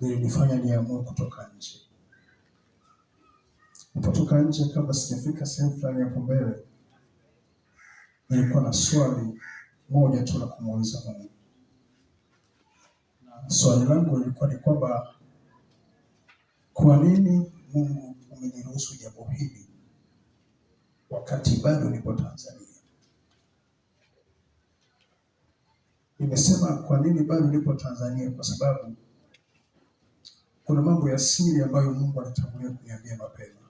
lilinifanya niamue kutoka nje. Nipotoka nje, kabla sijafika sehemu fulani hapo mbele, nilikuwa na swali moja tu la kumuuliza Mungu. Swali langu lilikuwa ni kwamba kwa nini Mungu umeniruhusu jambo hili wakati bado nipo Tanzania? Nimesema kwa nini bado nipo Tanzania, kwa sababu kuna mambo ya siri ambayo Mungu alitangulia kuniambia mapema,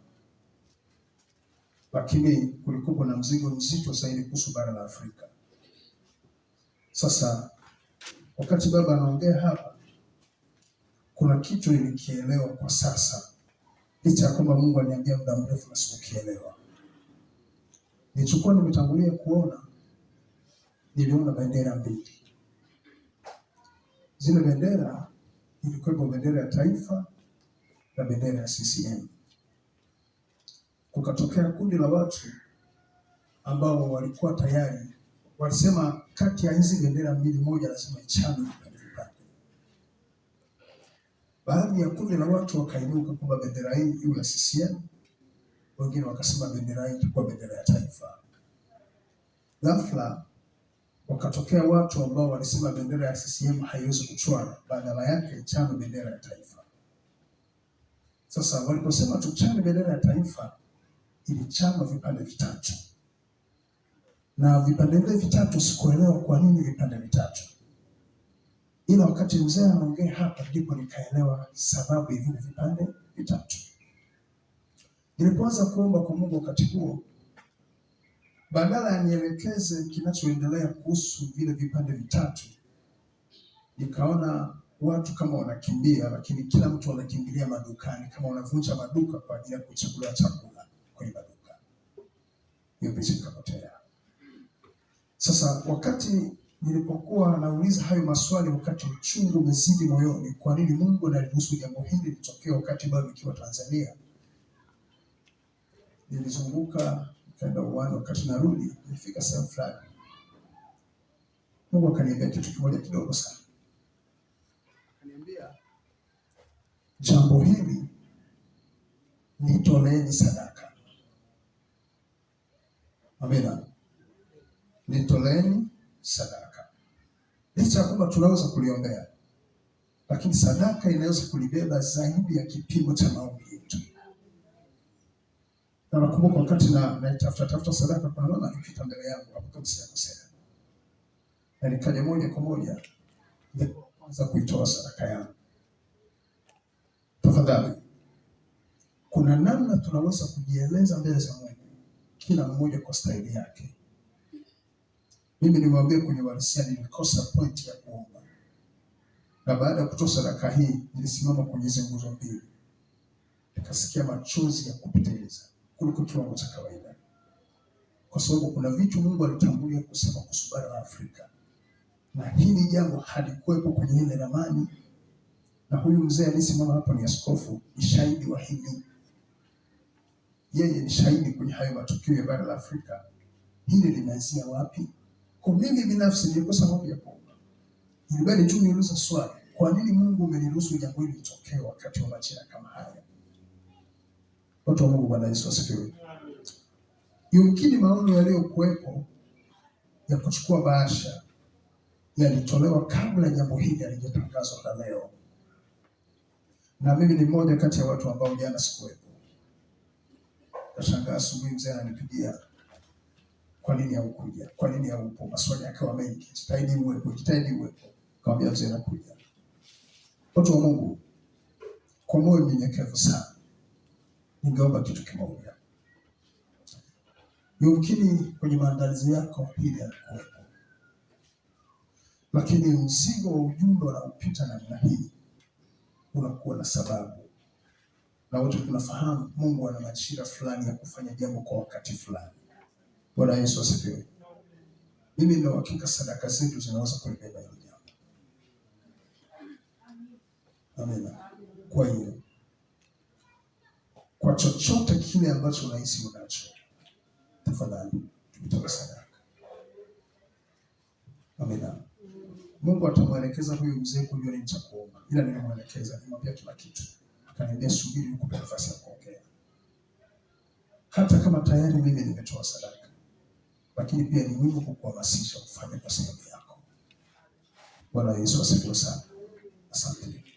lakini kulikuwa na mzigo mzito zaidi kuhusu bara la Afrika. Sasa wakati baba anaongea hapa, kuna kitu nilikielewa kwa sasa, licha ya kwamba Mungu aliniambia muda mrefu na sikukielewa. Nilichokuwa nimetangulia kuona, niliona bendera mbili. Zile bendera ilikuwa bendera ya taifa na bendera ya CCM. Kukatokea kundi la watu ambao walikuwa tayari walisema, kati ya hizi bendera mbili, moja lazima ichane. Baadhi ya kundi la watu wakainuka kwamba bendera hii iwe ya CCM, wengine wakasema bendera hii itakuwa bendera ya taifa. Ghafla wakatokea watu ambao walisema bendera ya CCM haiwezi kuchwana, badala yake chama bendera ya taifa. Sasa waliposema tuchane bendera ya taifa, ilichanwa vipande vitatu, na vipande vile vitatu sikuelewa kwa nini vipande vitatu, ila wakati mzee anaongea hapa ndipo nikaelewa sababu ya vile vipande vitatu. Nilipoanza kuomba kwa Mungu wakati huo badala ya nielekeze kinachoendelea kuhusu vile vipande vitatu, nikaona watu kama wanakimbia, lakini kila mtu anakimbilia madukani, kama wanavunja maduka kwa ajili ya kuchukua chakula kwenye maduka. Hiyo picha ikapotea. Sasa wakati nilipokuwa nauliza hayo maswali, wakati uchungu umezidi moyoni, kwa nini Mungu analiruhusu jambo hili litokee wakati bado nikiwa Tanzania, nilizunguka kwenda uwani. Wakati narudi nilifika sehemu fulani, Mungu akaniambia kitu kimoja kidogo sana, akaniambia jambo hili nitoleeni sadaka. Amina, nitoleeni sadaka. Licha ya kwamba tunaweza kuliombea, lakini sadaka inaweza kulibeba zaidi ya kipimo cha maombi na nakumbuka wakati na naitafuta tafuta sadaka, kwa mama alipita mbele yangu hapo kama sijakosea, na nikaja moja kwa moja ndipo kwanza kuitoa sadaka yangu. Tafadhali, kuna namna tunaweza kujieleza mbele za Mungu kila mmoja kwa staili yake. Mimi niwaambie kwenye uhalisia, nilikosa point ya kuomba, na baada ya kutoa sadaka hii nilisimama kwenye hizo nguzo mbili, nikasikia machozi ya kupitiliza kuliko kiwango cha kawaida, kwa sababu kuna vitu Mungu alitangulia kusema kuhusu bara la Afrika, na hili jambo halikuwepo kwenye ile ramani. Na huyu mzee aliyesimama hapo ni askofu, ni shahidi wa hili. Yeye ni shahidi kwenye hayo matukio ya bara la Afrika. Hili linaanzia wapi? Kwa mimi binafsi nilikosa hofu ya kuomba, ilibali tu niuliza swali, kwa nini Mungu umeniruhusu jambo hili litokee wakati wa majira kama haya? Watu wa Mungu, Bwana Yesu asifiwe. Yumkini maono yaliyokuwepo ya kuchukua bahasha yalitolewa kabla jambo hili halijatangazwa na leo, na mimi ni mmoja kati ya watu ambao jana sikuwepo. Nashangaa asubuhi mzee ananipigia, kwa nini haukuja? Kwa nini haupo? Maswali yakawa mengi, jitahidi uwepo, jitahidi uwepo. Kawambia mzee nakuja. Watu wa Mungu, kwa moyo mnyenyekevu sana ningeomba kitu kimoja. Yumkini kwenye maandalizi yako hili yalikuwepo, lakini mzigo wa ujumbe unaopita namna hii unakuwa na sababu, na wote tunafahamu Mungu ana majira fulani ya kufanya jambo kwa wakati fulani. Bwana Yesu asifiwe. Mimi ina uhakika sadaka zetu zinaweza kulibeba hili jambo. Amina. Kwa hiyo kwa chochote kile ambacho unahisi unacho, tafadhali tutoe sadaka. Amina. Mungu atamwelekeza huyu mzee kujua nini cha kuomba, ila nilimwelekeza, nimwambia kila kitu, akaniambia subiri, nikupe nafasi ya kuongea, hata kama tayari mimi nimetoa sadaka, lakini pia ni muhimu kukuhamasisha kufanya kwa sehemu yako. Bwana Yesu asifiwe sana. Asante.